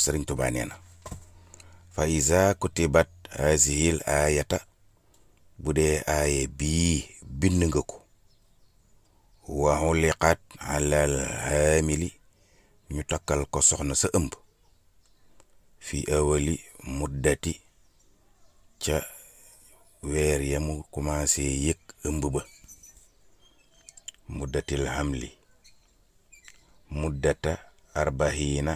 sëriñ Tuubaa nee na fa iza kutibat hazihil ayata bu dee aaye bii bind nga ko wa xuliqat alal ñu takkal ko soxna sa ëmb fi awali muddati ca weer ya mu commencé yëg ëmb ba muddatil hamli muddata arbahiina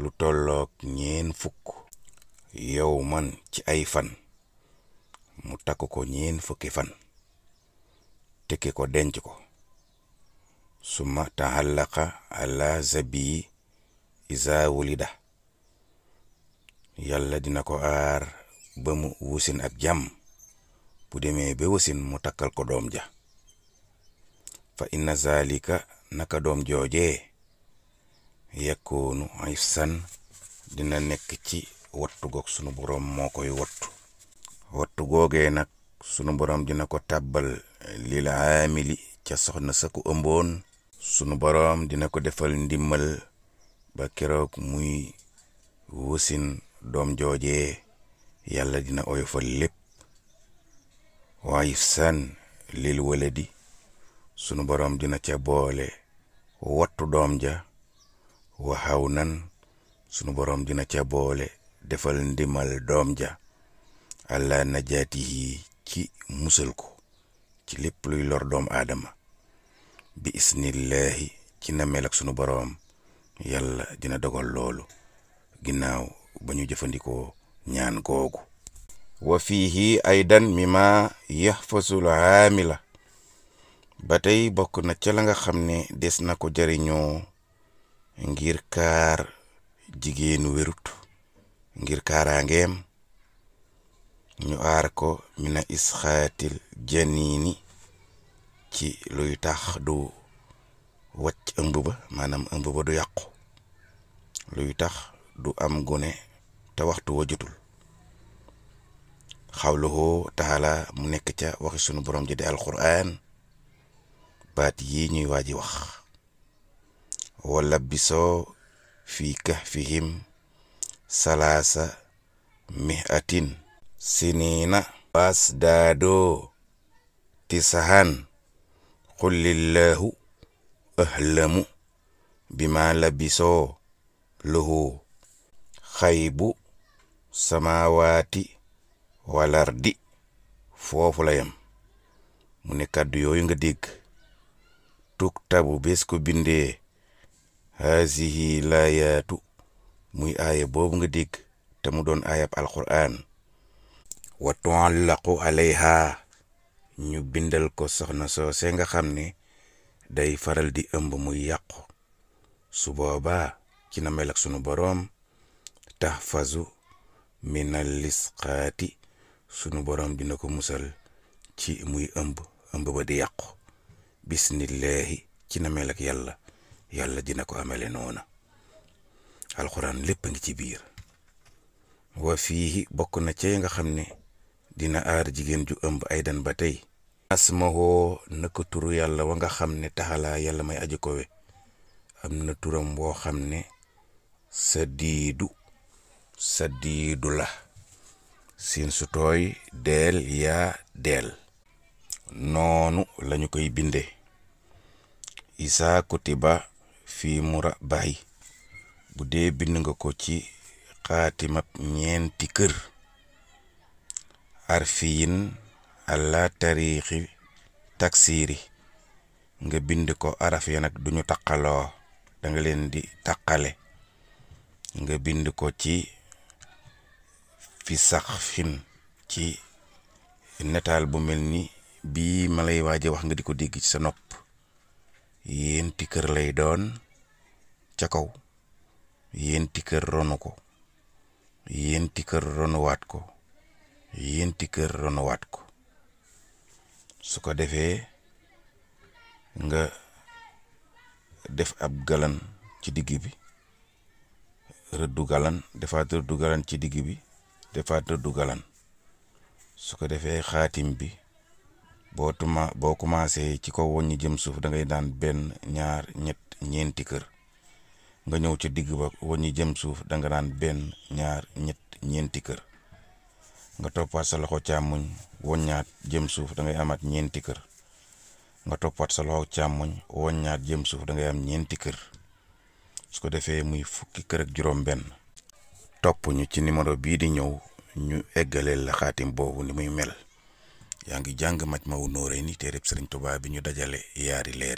lu tollook ñeen fukk yow man ci ay fan mu takk ko ñeen fukki fan tekki ko denc ko summa tahallaqa ala zabiyi isa wulida yàlla dina ko aar ba mu wusin ak jàmm bu demee ba wusin mu takkal ko doom ja fa inna zalika naka doom jooje yekkoonu ay san dina nekk ci wattu goog sunu borom moo koy wattu wattu googee nag sunu borom dina ko tàbbal lil aamili ca soxna sa ko sunu borom dina ko defal ndimmal ba keroog muy wusin doom joojee yàlla dina oyofal lépp waaye san lil waladi sunu borom dina ca boole wattu doom ja waxaw nan sunu borom dina ca boole defal ndimal doom ja allah najaatihi ci musal ko ci lépp lu lor doom aadama bi isnillahi ci na mel ak sunu borom yàlla dina dogal loolu ginaaw ba ñu jëfandikoo ñaan googu wa fiihi aydan mimma yaxfasul aamila ba tey bokk na ca la nga xam ne des na ko jariñoo ngir kaar jigéenu werut ngir kaaraangeem ñu aar ko mina isxaatil janiini ci luy tax du wàcc ëmb ba maanaam ëmb du yàqu luy tax du am gune te waxtu wa jotul xawluhu taala mu nekk ca waxi sunu borom ji di baat yi ñuy waaji wax wa bisoo fi kahfihim salaasa mi'atin siniina wasdaadoo tisahan qulillaahu ahlamu bima labisoo lahu xaybu samaawaati walardi foofu la yam mu ne kàddu yooyu nga dégg tuktabu bés ko bindee haasihi layatu muy aaya boobu nga dégg te mu doon aayab watu wa tuallaqu alayha ñu bindal ko soxna soose nga xam ni day faral di ëmb muy yàqu su boobaa ci na mel ak sunu boroom tahfazu minal lisqaati sunu borom dina ko musal ci muy ëmb ëmb ba di yàqu bismillahi ci na mel yàlla yàlla dina ko amele noona alxuraan lépp a ngi ci biir wa fii bokk na cee nga xam ne dina aar jigéen ju ëmb ay dan ba tey asmahoo naka turu yàlla wa nga xam ne taxalaa yàlla may aji kowe am na turam woo xam ne sa diidu sa diidu la siin sutooy tooy deel yaa deel noonu lañu koy binde isaa kutiba fii mura baay bu dee bind nga ko ci xaatimab ñeenti kër arfiyin àla tariixi taksiiri nga bind ko araf ya duñu taqaloo danga leen di taqale nga bind ko ci fi sax fin ci nataal bu mel ni bii ma lay waaje wax nga di ko dégg sa nopp yéenti kër lay doon ca kaw yéenti kër ronu ko yéenti kër ronuwaat ko yéenti kër ronuwaat ko su ko defee nga def ab galan ci digg bi rëddu galan defaat rëddu galan ci digg bi defaat rëddu galan su ko defee xaatim bi boo tuma boo commencé ci ko woon ñi jëm suuf dangay ngay daan benn ñaar ñett ñeenti kër nga ñëw ci digg ba woon ñi jëm suuf da nga benn ñaar ñett ñeenti kër nga toppaat sa loxo càmmuñ woññaat jëm suuf da ngay amaat ñeenti kër nga toppaat sa loxo càmmuñ woññaat jëm suuf da ngay am ñeenti kër su ko defee muy fukki kër ak juróom-benn. topp ñu ci numéro bii di ñëw ñu eggaleel la xaatim boobu ni muy mel. yaa i jàng maj ma wu nóoree ni téereb sëriñ Tuubaa bi ñu dajale yaari leer